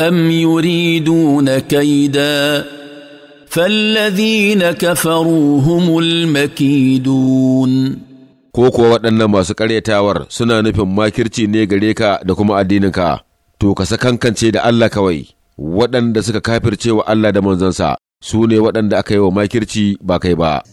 أم يريدون كيدا فالذين كفروا هم المكيدون ko kuwa waɗannan masu ƙaryatawar suna nufin makirci ne gare ka da kuma addininka to ka sakankance da Allah kawai waɗanda suka kafircewa Allah da manzansa su ne waɗanda aka yi wa makirci ba kai ba